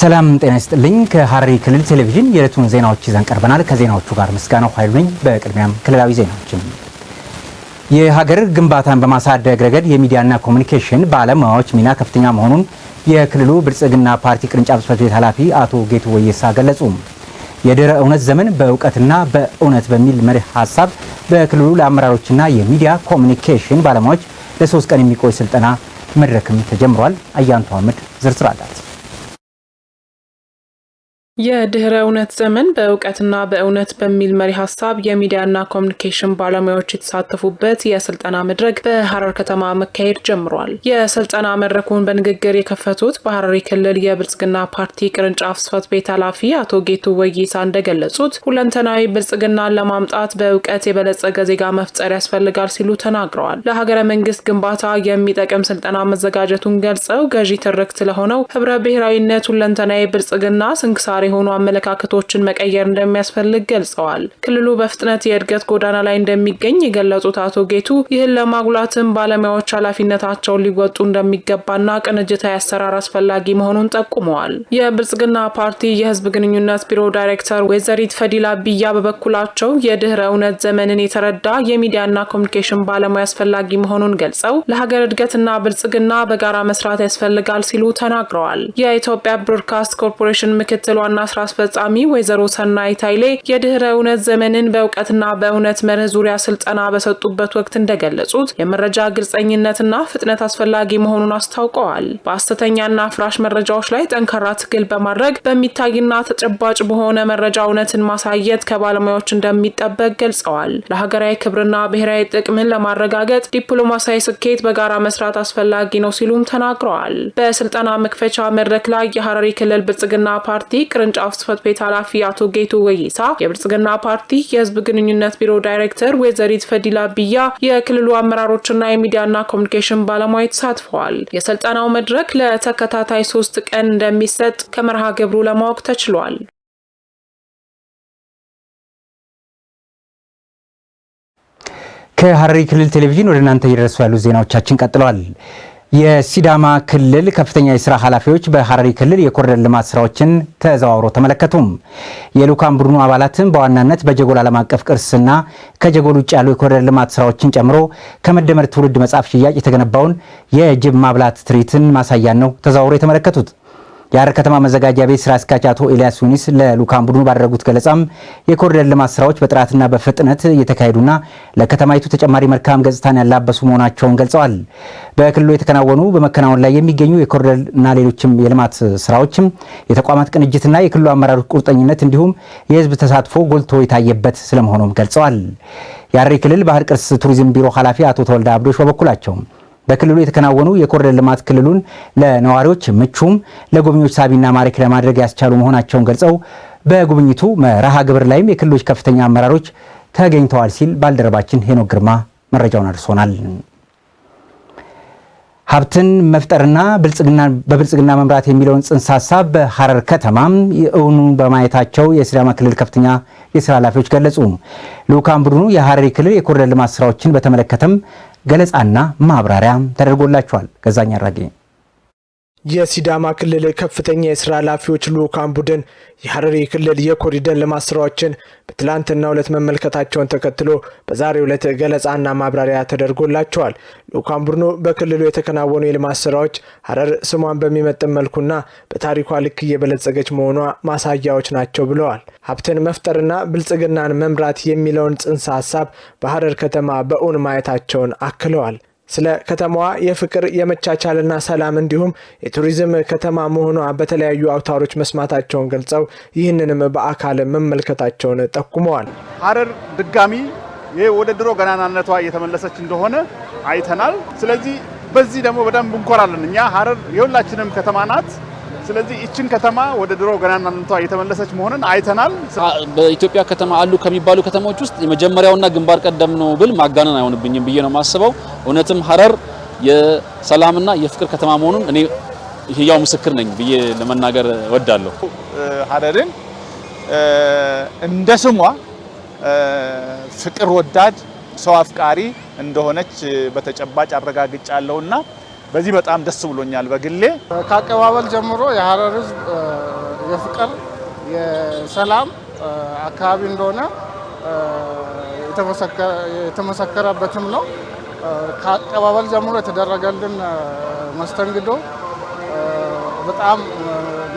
ሰላም ጤና ይስጥልኝ። ከሐረሪ ክልል ቴሌቪዥን የዕለቱን ዜናዎች ይዘን ቀርበናል። ከዜናዎቹ ጋር ምስጋናው ኃይሉ ነኝ። በቅድሚያም ክልላዊ ዜናዎችን። የሀገር ግንባታን በማሳደግ ረገድ የሚዲያና ኮሚኒኬሽን ባለሙያዎች ሚና ከፍተኛ መሆኑን የክልሉ ብልጽግና ፓርቲ ቅርንጫፍ ጽሕፈት ቤት ኃላፊ አቶ ጌቱ ወየሳ ገለጹ። የድህረ እውነት ዘመን በእውቀትና በእውነት በሚል መሪ ሀሳብ በክልሉ ለአመራሮችና የሚዲያ ኮሚኒኬሽን ባለሙያዎች ለሶስት ቀን የሚቆይ ስልጠና መድረክም ተጀምሯል። አያንቱ አህመድ ዝርዝር አላት። የድህረ እውነት ዘመን በእውቀትና በእውነት በሚል መሪ ሀሳብ የሚዲያና ኮሚኒኬሽን ባለሙያዎች የተሳተፉበት የስልጠና መድረክ በሀረር ከተማ መካሄድ ጀምሯል። የስልጠና መድረኩን በንግግር የከፈቱት በሀረሪ ክልል የብልጽግና ፓርቲ ቅርንጫፍ ጽሕፈት ቤት ኃላፊ አቶ ጌቱ ወይሳ እንደገለጹት ሁለንተናዊ ብልጽግናን ለማምጣት በእውቀት የበለጸገ ዜጋ መፍጠር ያስፈልጋል ሲሉ ተናግረዋል። ለሀገረ መንግስት ግንባታ የሚጠቅም ስልጠና መዘጋጀቱን ገልጸው ገዢ ትርክት ስለሆነው ህብረ ብሔራዊነት ሁለንተናዊ ብልጽግና ስንክሳሪ የሆኑ አመለካከቶችን መቀየር እንደሚያስፈልግ ገልጸዋል። ክልሉ በፍጥነት የእድገት ጎዳና ላይ እንደሚገኝ የገለጹት አቶ ጌቱ ይህን ለማጉላትም ባለሙያዎች ኃላፊነታቸውን ሊወጡ እንደሚገባና ቅንጅታዊ አሰራር አስፈላጊ መሆኑን ጠቁመዋል። የብልጽግና ፓርቲ የህዝብ ግንኙነት ቢሮ ዳይሬክተር ወይዘሪት ፈዲላ ቢያ በበኩላቸው የድህረ እውነት ዘመንን የተረዳ የሚዲያና ኮሚኒኬሽን ባለሙያ አስፈላጊ መሆኑን ገልጸው ለሀገር እድገትና ብልጽግና በጋራ መስራት ያስፈልጋል ሲሉ ተናግረዋል። የኢትዮጵያ ብሮድካስት ኮርፖሬሽን ምክትል ዋና ዋና ስራ አስፈጻሚ ወይዘሮ ሰናይት ኃይሌ የድህረ እውነት ዘመንን በእውቀትና በእውነት መርህ ዙሪያ ስልጠና በሰጡበት ወቅት እንደገለጹት የመረጃ ግልጸኝነትና ፍጥነት አስፈላጊ መሆኑን አስታውቀዋል። በሐሰተኛና ፍራሽ መረጃዎች ላይ ጠንካራ ትግል በማድረግ በሚታይና ተጨባጭ በሆነ መረጃ እውነትን ማሳየት ከባለሙያዎች እንደሚጠበቅ ገልጸዋል። ለሀገራዊ ክብርና ብሔራዊ ጥቅምን ለማረጋገጥ ዲፕሎማሲያዊ ስኬት በጋራ መስራት አስፈላጊ ነው ሲሉም ተናግረዋል። በስልጠና መክፈቻ መድረክ ላይ የሐረሪ ክልል ብልጽግና ፓርቲ ቅር ቅርንጫፍ ጽህፈት ቤት ኃላፊ አቶ ጌቱ ወይሳ፣ የብልጽግና ፓርቲ የህዝብ ግንኙነት ቢሮ ዳይሬክተር ወይዘሪት ፈዲላ ብያ፣ የክልሉ አመራሮችና የሚዲያና ኮሚኒኬሽን ባለሙያ ተሳትፈዋል። የስልጠናው መድረክ ለተከታታይ ሶስት ቀን እንደሚሰጥ ከመርሃ ግብሩ ለማወቅ ተችሏል። ከሐረሪ ክልል ቴሌቪዥን ወደ እናንተ እየደረሱ ያሉ ዜናዎቻችን ቀጥለዋል። የሲዳማ ክልል ከፍተኛ የስራ ኃላፊዎች በሐረሪ ክልል የኮሪደር ልማት ስራዎችን ተዘዋውረው ተመለከቱም። የልዑካን ቡድኑ አባላትም በዋናነት በጀጎል ዓለም አቀፍ ቅርስና ከጀጎል ውጭ ያሉ የኮሪደር ልማት ስራዎችን ጨምሮ ከመደመር ትውልድ መጽሐፍ ሽያጭ የተገነባውን የጅብ ማብላት ትርኢትን ማሳያን ነው ተዘዋውሮ የተመለከቱት። የሐረር ከተማ መዘጋጃ ቤት ስራ አስኪያጅ አቶ ኤልያስ ዩኒስ ለልዑካን ቡድኑ ባደረጉት ገለጻም የኮሪደር ልማት ስራዎች በጥራትና በፍጥነት እየተካሄዱና ለከተማይቱ ተጨማሪ መልካም ገጽታን ያላበሱ መሆናቸውን ገልጸዋል። በክልሉ የተከናወኑ በመከናወን ላይ የሚገኙ የኮሪደርና ሌሎችም የልማት ስራዎችም የተቋማት ቅንጅትና የክልሉ አመራሮች ቁርጠኝነት እንዲሁም የህዝብ ተሳትፎ ጎልቶ የታየበት ስለመሆኑም ገልጸዋል። የሐረሪ ክልል ባህል ቅርስ ቱሪዝም ቢሮ ኃላፊ አቶ ተወልደ አብዶሽ በበኩላቸው በክልሉ የተከናወኑ የኮሪደር ልማት ክልሉን ለነዋሪዎች ምቹም ለጎብኚዎች ሳቢና ማራኪ ለማድረግ ያስቻሉ መሆናቸውን ገልጸው በጉብኝቱ መርሃ ግብር ላይም የክልሎች ከፍተኛ አመራሮች ተገኝተዋል ሲል ባልደረባችን ሄኖክ ግርማ መረጃውን አድርሶናል። ሀብትን መፍጠርና በብልጽግና መምራት የሚለውን ጽንሰ ሀሳብ በሀረር ከተማም እውኑ በማየታቸው የሲዳማ ክልል ከፍተኛ የስራ ኃላፊዎች ገለጹ። ልዑካን ቡድኑ የሐረሪ ክልል የኮሪደር ልማት ስራዎችን በተመለከተም ገለጻና ማብራሪያ ተደርጎላቸዋል። ገዛኝ አራጌ የሲዳማ ክልል ከፍተኛ የስራ ኃላፊዎች ልዑካን ቡድን የሐረሪ ክልል የኮሪደር ልማት ስራዎችን በትላንትናው ዕለት መመልከታቸውን ተከትሎ በዛሬው ዕለት ገለጻና ማብራሪያ ተደርጎላቸዋል። ልዑካን ቡድኑ በክልሉ የተከናወኑ የልማት ስራዎች ሐረር ስሟን በሚመጥን መልኩና በታሪኳ ልክ እየበለጸገች መሆኗ ማሳያዎች ናቸው ብለዋል። ሀብትን መፍጠርና ብልጽግናን መምራት የሚለውን ጽንሰ ሀሳብ በሐረር ከተማ በእውን ማየታቸውን አክለዋል። ስለ ከተማዋ የፍቅር የመቻቻልና ሰላም እንዲሁም የቱሪዝም ከተማ መሆኗ በተለያዩ አውታሮች መስማታቸውን ገልጸው ይህንንም በአካል መመልከታቸውን ጠቁመዋል። ሀረር ድጋሚ ይህ ወደ ድሮ ገናናነቷ እየተመለሰች እንደሆነ አይተናል። ስለዚህ በዚህ ደግሞ በደንብ እንኮራለን። እኛ ሀረር የሁላችንም ከተማ ናት። ስለዚህ ይችን ከተማ ወደ ድሮ ገናናነቷ እየተመለሰች መሆንን አይተናል። በኢትዮጵያ ከተማ አሉ ከሚባሉ ከተሞች ውስጥ የመጀመሪያውና ግንባር ቀደም ነው ብል ማጋነን አይሆንብኝም ብዬ ነው የማስበው። እውነትም ሀረር የሰላምና የፍቅር ከተማ መሆኑን እኔ ህያው ምስክር ነኝ ብዬ ለመናገር እወዳለሁ። ሀረርን እንደ ስሟ ፍቅር ወዳድ ሰው አፍቃሪ እንደሆነች በተጨባጭ አረጋግጫለሁና በዚህ በጣም ደስ ብሎኛል። በግሌ ከአቀባበል ጀምሮ የሀረር ህዝብ የፍቅር የሰላም አካባቢ እንደሆነ የተመሰከረበትም ነው። ከአቀባበል ጀምሮ የተደረገልን መስተንግዶ በጣም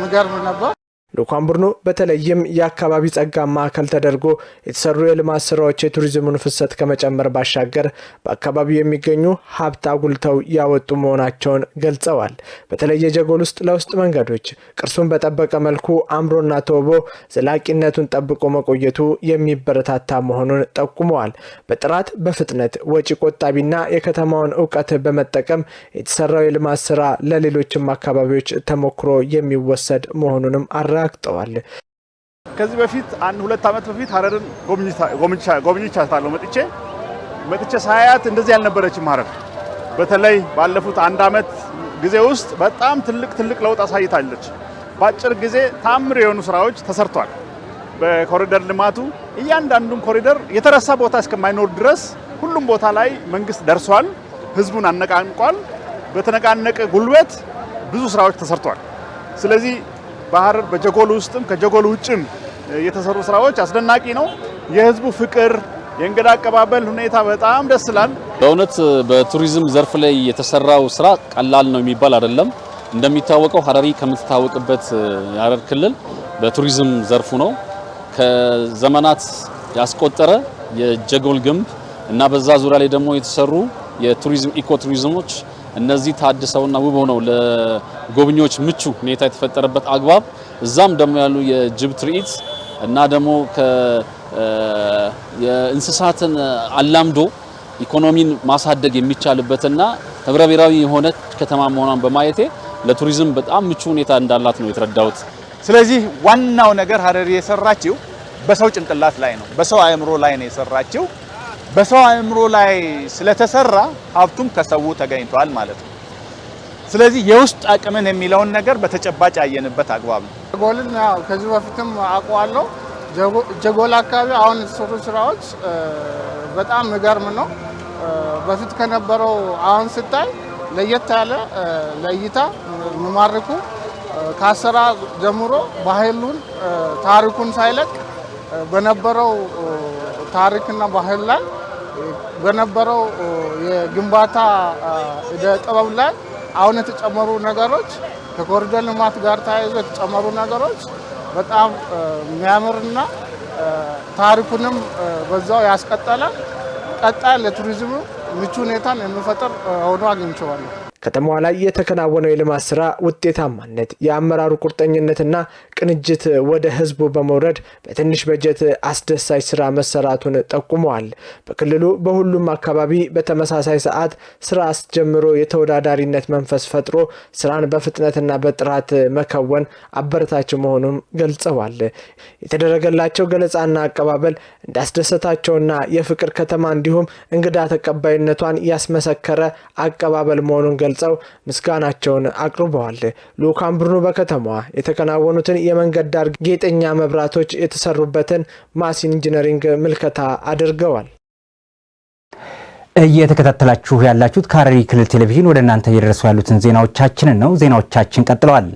ምገርም ነበር። ልኳን ቡድኑ በተለይም የአካባቢ ጸጋ ማዕከል ተደርጎ የተሰሩ የልማት ስራዎች የቱሪዝሙን ፍሰት ከመጨመር ባሻገር በአካባቢው የሚገኙ ሀብት አጉልተው ያወጡ መሆናቸውን ገልጸዋል። በተለይ ጀጎል ውስጥ ለውስጥ መንገዶች ቅርሱን በጠበቀ መልኩ አምሮና ተውቦ ዘላቂነቱን ጠብቆ መቆየቱ የሚበረታታ መሆኑን ጠቁመዋል። በጥራት በፍጥነት ወጪ ቆጣቢና የከተማውን እውቀት በመጠቀም የተሰራው የልማት ስራ ለሌሎችም አካባቢዎች ተሞክሮ የሚወሰድ መሆኑንም አራ አረጋግጠዋል። ከዚህ በፊት አንድ ሁለት ዓመት በፊት ሀረርን ጎብኝቻታለሁ። መጥቼ መጥቼ ሳያት እንደዚህ ያልነበረችም ሀረር በተለይ ባለፉት አንድ ዓመት ጊዜ ውስጥ በጣም ትልቅ ትልቅ ለውጥ አሳይታለች። በአጭር ጊዜ ታምር የሆኑ ስራዎች ተሰርቷል። በኮሪደር ልማቱ እያንዳንዱን ኮሪደር የተረሳ ቦታ እስከማይኖር ድረስ ሁሉም ቦታ ላይ መንግስት ደርሷል። ህዝቡን አነቃንቋል። በተነቃነቀ ጉልበት ብዙ ስራዎች ተሰርቷል። ስለዚህ በሐረር በጀጎል ውስጥም ከጀጎል ውጭም የተሰሩ ስራዎች አስደናቂ ነው። የህዝቡ ፍቅር፣ የእንግዳ አቀባበል ሁኔታ በጣም ደስ ይላል። በእውነት በቱሪዝም ዘርፍ ላይ የተሰራው ስራ ቀላል ነው የሚባል አይደለም። እንደሚታወቀው ሐረሪ ከምትታወቅበት የሐረር ክልል በቱሪዝም ዘርፉ ነው። ከዘመናት ያስቆጠረ የጀጎል ግንብ እና በዛ ዙሪያ ላይ ደግሞ የተሰሩ የቱሪዝም ኢኮቱሪዝሞች እነዚህ ታድሰውና ውብ ሆነው ጎብኚዎች ምቹ ሁኔታ የተፈጠረበት አግባብ እዛም ደግሞ ያሉ የጅብ ትርኢት እና ደግሞ የእንስሳትን አላምዶ ኢኮኖሚን ማሳደግ የሚቻልበትና ህብረ ብሔራዊ የሆነ ከተማ መሆኗን በማየቴ ለቱሪዝም በጣም ምቹ ሁኔታ እንዳላት ነው የተረዳሁት። ስለዚህ ዋናው ነገር ሀረሪ የሰራችው በሰው ጭንቅላት ላይ ነው፣ በሰው አእምሮ ላይ ነው የሰራችው። በሰው አእምሮ ላይ ስለተሰራ ሀብቱም ከሰው ተገኝቷል ማለት ነው። ስለዚህ የውስጥ አቅምን የሚለውን ነገር በተጨባጭ ያየንበት አግባብ ነው። ጀጎልን ያው ከዚህ በፊትም አውቀዋለሁ። ጀጎል አካባቢ አሁን የተሰሩ ስራዎች በጣም ምገርም ነው። በፊት ከነበረው አሁን ስታይ ለየት ያለ ለእይታ የሚማርኩ ከአሰራ ጀምሮ ባህሉን ታሪኩን ሳይለቅ በነበረው ታሪክና ባህል ላይ በነበረው የግንባታ ጥበብ ላይ አሁን የተጨመሩ ነገሮች ከኮሪደር ልማት ጋር ተያይዞ የተጨመሩ ነገሮች በጣም የሚያምርና ታሪኩንም በዛው ያስቀጠለ ቀጣይ ለቱሪዝሙ ምቹ ሁኔታን የሚፈጥር ሆኖ አግኝቼዋለሁ። ከተማዋ ላይ የተከናወነው የልማት ስራ ውጤታማነት የአመራሩ ቁርጠኝነትና ቅንጅት ወደ ህዝቡ በመውረድ በትንሽ በጀት አስደሳች ስራ መሰራቱን ጠቁመዋል። በክልሉ በሁሉም አካባቢ በተመሳሳይ ሰዓት ስራ አስጀምሮ የተወዳዳሪነት መንፈስ ፈጥሮ ስራን በፍጥነትና በጥራት መከወን አበረታች መሆኑም ገልጸዋል። የተደረገላቸው ገለጻና አቀባበል እንዳስደሰታቸውና የፍቅር ከተማ እንዲሁም እንግዳ ተቀባይነቷን ያስመሰከረ አቀባበል መሆኑን ገ ገልጸው ምስጋናቸውን አቅርበዋል። ልኡካን ቡድኑ በከተማዋ የተከናወኑትን የመንገድ ዳር ጌጠኛ መብራቶች የተሰሩበትን ማሲን ኢንጂነሪንግ ምልከታ አድርገዋል። እየተከታተላችሁ ያላችሁት ካሪ ክልል ቴሌቪዥን ወደ እናንተ እየደረሱ ያሉትን ዜናዎቻችንን ነው። ዜናዎቻችን ቀጥለዋል።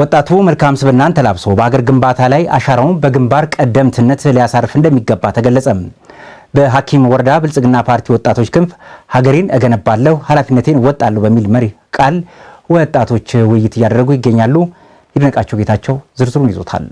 ወጣቱ መልካም ስብዕናን ተላብሶ በአገር ግንባታ ላይ አሻራውን በግንባር ቀደምትነት ሊያሳርፍ እንደሚገባ ተገለጸም። በሐኪም ወረዳ ብልጽግና ፓርቲ ወጣቶች ክንፍ ሀገሬን እገነባለሁ ኃላፊነቴን እወጣለሁ በሚል መሪ ቃል ወጣቶች ውይይት እያደረጉ ይገኛሉ። ይድነቃቸው ጌታቸው ዝርዝሩን ይዞታል።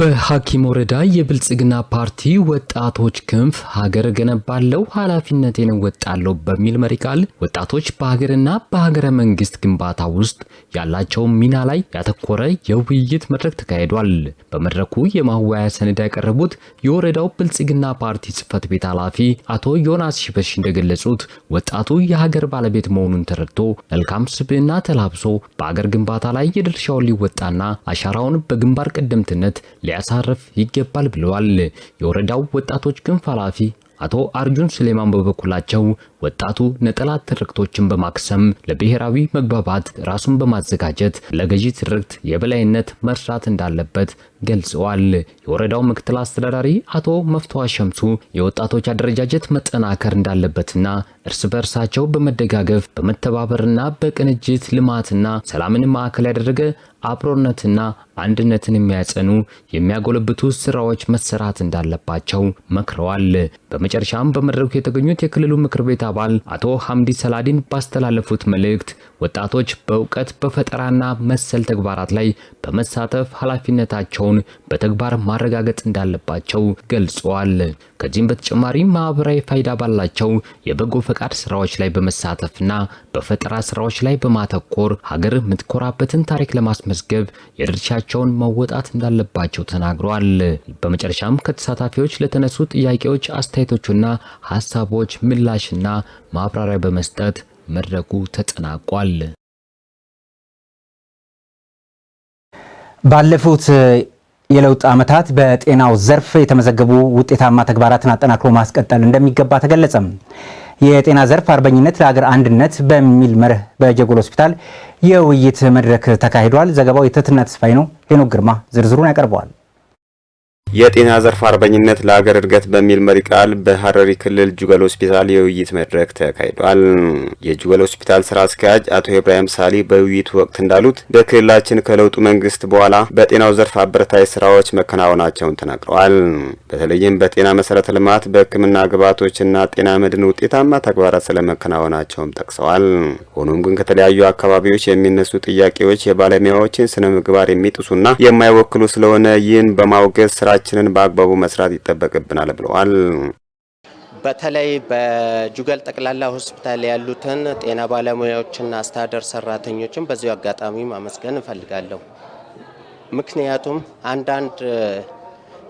በሐኪም ወረዳ የብልጽግና ፓርቲ ወጣቶች ክንፍ ሀገር ገነባለው ኃላፊነቴን እወጣለሁ በሚል መሪ ቃል ወጣቶች በሀገርና በሀገረ መንግስት ግንባታ ውስጥ ያላቸው ሚና ላይ ያተኮረ የውይይት መድረክ ተካሂዷል። በመድረኩ የማወያያ ሰነድ ያቀረቡት የወረዳው ብልጽግና ፓርቲ ጽህፈት ቤት ኃላፊ አቶ ዮናስ ሽበሽ እንደገለጹት ወጣቱ የሀገር ባለቤት መሆኑን ተረድቶ መልካም ስብዕና ተላብሶ በሀገር ግንባታ ላይ የድርሻውን ሊወጣና አሻራውን በግንባር ቀደምትነት ሊያሳርፍ ይገባል ብለዋል። የወረዳው ወጣቶች ክንፍ ኃላፊ አቶ አርጁን ሱሌማን በበኩላቸው ወጣቱ ነጠላ ትርክቶችን በማክሰም ለብሔራዊ መግባባት ራሱን በማዘጋጀት ለገዢ ትርክት የበላይነት መስራት እንዳለበት ገልጸዋል። የወረዳው ምክትል አስተዳዳሪ አቶ መፍትዋ ሸምሱ የወጣቶች አደረጃጀት መጠናከር እንዳለበትና እርስ በርሳቸው በመደጋገፍ በመተባበርና በቅንጅት ልማትና ሰላምን ማዕከል ያደረገ አብሮነትና አንድነትን የሚያጸኑ የሚያጎለብቱ ስራዎች መሰራት እንዳለባቸው መክረዋል። በመጨረሻም በመድረኩ የተገኙት የክልሉ ምክር ቤት አባል አቶ ሐምዲ ሰላዲን ባስተላለፉት መልእክት ወጣቶች በእውቀት በፈጠራና መሰል ተግባራት ላይ በመሳተፍ ኃላፊነታቸውን በተግባር ማረጋገጥ እንዳለባቸው ገልጸዋል። ከዚህም በተጨማሪ ማህበራዊ ፋይዳ ባላቸው የበጎ ፈቃድ ስራዎች ላይ በመሳተፍና በፈጠራ ስራዎች ላይ በማተኮር ሀገር የምትኮራበትን ታሪክ ለማስመዝገብ የድርሻቸውን መወጣት እንዳለባቸው ተናግሯል። በመጨረሻም ከተሳታፊዎች ለተነሱ ጥያቄዎች፣ አስተያየቶችና ሀሳቦች ምላሽና ማብራሪያ በመስጠት መድረኩ ተጠናቋል። ባለፉት የለውጥ ዓመታት በጤናው ዘርፍ የተመዘገቡ ውጤታማ ተግባራትን አጠናክሮ ማስቀጠል እንደሚገባ ተገለጸም። የጤና ዘርፍ አርበኝነት ለሀገር አንድነት በሚል መርህ በጀጎል ሆስፒታል የውይይት መድረክ ተካሂዷል። ዘገባው የትህትና ተስፋዬ ነው። ሄኖክ ግርማ ዝርዝሩን ያቀርበዋል። የጤና ዘርፍ አርበኝነት ለሀገር እድገት በሚል መሪ ቃል በሀረሪ ክልል ጁገል ሆስፒታል የውይይት መድረክ ተካሂዷል። የጁገል ሆስፒታል ስራ አስኪያጅ አቶ ኢብራሂም ሳሊ በውይይቱ ወቅት እንዳሉት በክልላችን ከለውጡ መንግስት በኋላ በጤናው ዘርፍ አበረታይ ስራዎች መከናወናቸውን ተናግረዋል። በተለይም በጤና መሰረተ ልማት፣ በህክምና ግብዓቶችና ጤና መድን ውጤታማ ተግባራት ስለመከናወናቸውም ጠቅሰዋል። ሆኖም ግን ከተለያዩ አካባቢዎች የሚነሱ ጥያቄዎች የባለሙያዎችን ስነ ምግባር የሚጥሱና የማይወክሉ ስለሆነ ይህን በማውገዝ ስራ ስራችንን በአግባቡ መስራት ይጠበቅብናል ብለዋል። በተለይ በጁገል ጠቅላላ ሆስፒታል ያሉትን ጤና ባለሙያዎችና አስተዳደር ሰራተኞችን በዚሁ አጋጣሚ ማመስገን እንፈልጋለሁ። ምክንያቱም አንዳንድ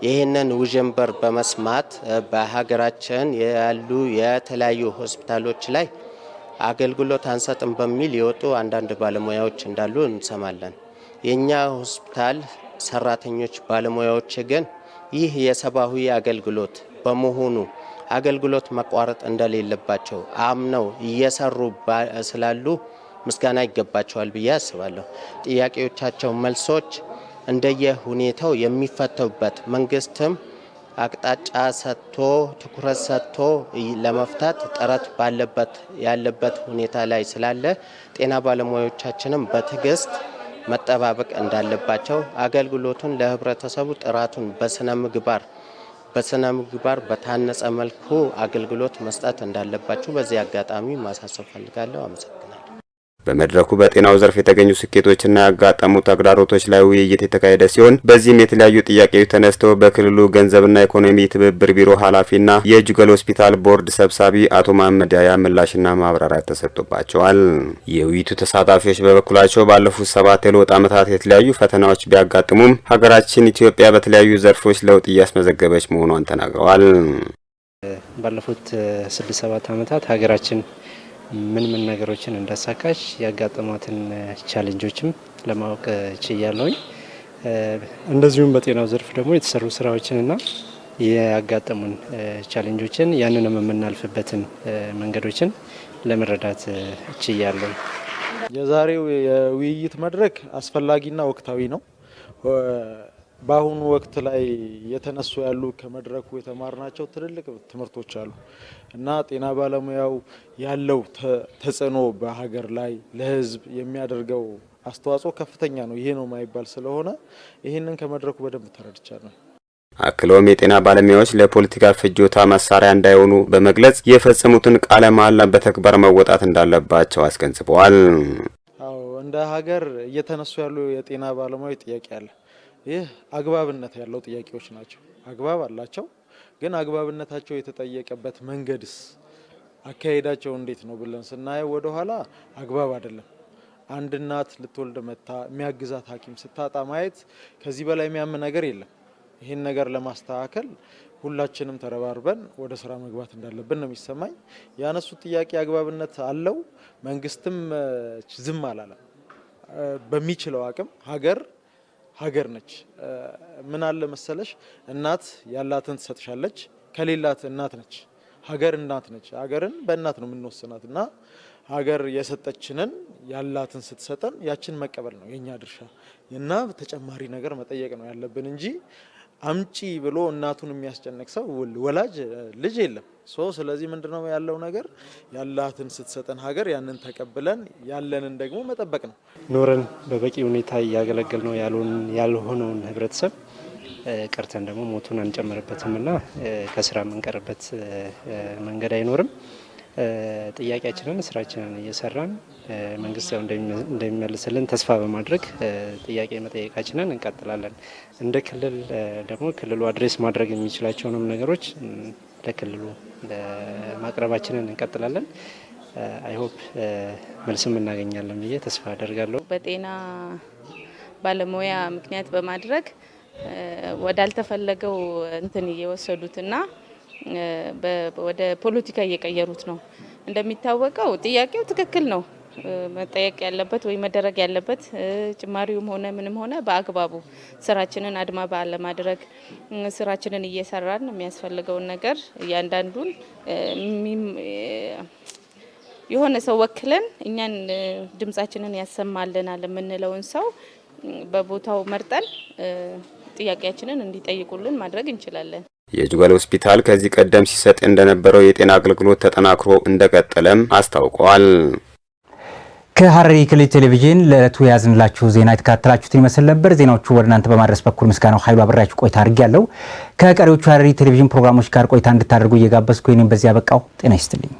ይህንን ውዥንብር በመስማት በሀገራችን ያሉ የተለያዩ ሆስፒታሎች ላይ አገልግሎት አንሰጥም በሚል የወጡ አንዳንድ ባለሙያዎች እንዳሉ እንሰማለን። የእኛ ሆስፒታል ሰራተኞች ባለሙያዎች ግን ይህ የሰብአዊ አገልግሎት በመሆኑ አገልግሎት መቋረጥ እንደሌለባቸው አምነው እየሰሩ ስላሉ ምስጋና ይገባቸዋል ብዬ አስባለሁ። ጥያቄዎቻቸው መልሶች እንደየ ሁኔታው የሚፈተውበት መንግስትም አቅጣጫ ሰጥቶ ትኩረት ሰጥቶ ለመፍታት ጥረት ባለበት ያለበት ሁኔታ ላይ ስላለ ጤና ባለሙያዎቻችንም በትዕግስት መጠባበቅ እንዳለባቸው አገልግሎቱን ለህብረተሰቡ ጥራቱን በስነ ምግባር በስነ ምግባር በታነጸ መልኩ አገልግሎት መስጠት እንዳለባቸው በዚህ አጋጣሚ ማሳሰብ ፈልጋለሁ። አመሰግናለሁ። በመድረኩ በጤናው ዘርፍ የተገኙ ስኬቶችና ያጋጠሙ ተግዳሮቶች ላይ ውይይት የተካሄደ ሲሆን በዚህም የተለያዩ ጥያቄዎች ተነስተው በክልሉ ገንዘብና ኢኮኖሚ ትብብር ቢሮ ኃላፊና የጁገል ሆስፒታል ቦርድ ሰብሳቢ አቶ መሐመድ ያያ ምላሽና ማብራሪያ ተሰጥቶባቸዋል። የውይይቱ ተሳታፊዎች በበኩላቸው ባለፉት ሰባት የለውጥ ዓመታት የተለያዩ ፈተናዎች ቢያጋጥሙም ሀገራችን ኢትዮጵያ በተለያዩ ዘርፎች ለውጥ እያስመዘገበች መሆኗን ተናግረዋል። ባለፉት ስድስት ሰባት ዓመታት ሀገራችን ምን ምን ነገሮችን እንዳሳካች ያጋጠሟትን ቻሌንጆችም ለማወቅ ችያለሁኝ። እንደዚሁም በጤናው ዘርፍ ደግሞ የተሰሩ ስራዎችንና ያጋጠሙን ቻሌንጆችን ያንንም የምናልፍበትን መንገዶችን ለመረዳት ችያለሁ። የዛሬው የውይይት መድረክ አስፈላጊና ወቅታዊ ነው። በአሁኑ ወቅት ላይ የተነሱ ያሉ ከመድረኩ የተማርናቸው ትልልቅ ትምህርቶች አሉ እና ጤና ባለሙያው ያለው ተጽዕኖ በሀገር ላይ ለሕዝብ የሚያደርገው አስተዋጽኦ ከፍተኛ ነው። ይሄ ነው የማይባል ስለሆነ ይህንን ከመድረኩ በደንብ ተረድቻለሁ። አክለውም የጤና ባለሙያዎች ለፖለቲካ ፍጆታ መሳሪያ እንዳይሆኑ በመግለጽ የፈጸሙትን ቃለ መሃላ በተግባር መወጣት እንዳለባቸው አስገንዝበዋል። እንደ ሀገር እየተነሱ ያሉ የጤና ባለሙያዎች ጥያቄ አለ። ይህ አግባብነት ያለው ጥያቄዎች ናቸው። አግባብ አላቸው፣ ግን አግባብነታቸው የተጠየቀበት መንገድስ አካሄዳቸው እንዴት ነው ብለን ስናየው ወደኋላ አግባብ አይደለም። አንድ እናት ልትወልድ መታ የሚያግዛት ሐኪም ስታጣ ማየት ከዚህ በላይ የሚያም ነገር የለም። ይህን ነገር ለማስተካከል ሁላችንም ተረባርበን ወደ ስራ መግባት እንዳለብን ነው የሚሰማኝ። ያነሱት ጥያቄ አግባብነት አለው። መንግስትም ዝም አላለም። በሚችለው አቅም ሀገር ሀገር ነች። ምን አለ መሰለሽ እናት ያላትን ትሰጥሻለች፣ ከሌላት እናት ነች። ሀገር እናት ነች። ሀገርን በእናት ነው የምንወስናት እና ሀገር የሰጠችንን ያላትን ስትሰጠን ያችን መቀበል ነው የኛ ድርሻ እና ተጨማሪ ነገር መጠየቅ ነው ያለብን እንጂ አምጪ ብሎ እናቱን የሚያስጨንቅ ሰው ወላጅ ልጅ የለም። ሶ ስለዚህ ምንድነው ያለው ነገር ያላትን ስትሰጠን ሀገር ያንን ተቀብለን ያለንን ደግሞ መጠበቅ ነው። ኖረን በበቂ ሁኔታ እያገለገል ነው ያልሆነውን ህብረተሰብ ቀርተን ደግሞ ሞቱን አንጨምርበትም እና ከስራ የምንቀርበት መንገድ አይኖርም። ጥያቄያችንን ስራችንን እየሰራን መንግስት ያው እንደሚመልስልን ተስፋ በማድረግ ጥያቄ መጠየቃችንን እንቀጥላለን። እንደ ክልል ደግሞ ክልሉ አድሬስ ማድረግ የሚችላቸውንም ነገሮች ለክልሉ ማቅረባችንን እንቀጥላለን። አይሆፕ uh, uh, መልስም እናገኛለን ብዬ ተስፋ አደርጋለሁ። በጤና ባለሙያ ምክንያት በማድረግ uh, ወዳልተፈለገው እንትን እየወሰዱትና ወደ ፖለቲካ እየቀየሩት ነው። እንደሚታወቀው ጥያቄው ትክክል ነው። መጠየቅ ያለበት ወይም መደረግ ያለበት ጭማሪውም ሆነ ምንም ሆነ በአግባቡ ስራችንን አድማ ለማድረግ ስራችንን እየሰራን የሚያስፈልገውን ነገር እያንዳንዱን የሆነ ሰው ወክለን እኛን ድምጻችንን ያሰማልናል የምንለውን ሰው በቦታው መርጠን ጥያቄያችንን እንዲጠይቁልን ማድረግ እንችላለን። የጁጎል ሆስፒታል ከዚህ ቀደም ሲሰጥ እንደነበረው የጤና አገልግሎት ተጠናክሮ እንደቀጠለም አስታውቀዋል። ከሐረሪ ክልል ቴሌቪዥን ለዕለቱ የያዝንላችሁ ዜና የተከታተላችሁትን ይመስል ነበር። ዜናዎቹ ወደ እናንተ በማድረስ በኩል ምስጋናው ኃይሉ አብራችሁ ቆይታ አድርጌያለሁ። ከቀሪዎቹ ሐረሪ ቴሌቪዥን ፕሮግራሞች ጋር ቆይታ እንድታደርጉ እየጋበዝኩ ይህንን በዚያ በቃው። ጤና ይስጥልኝ።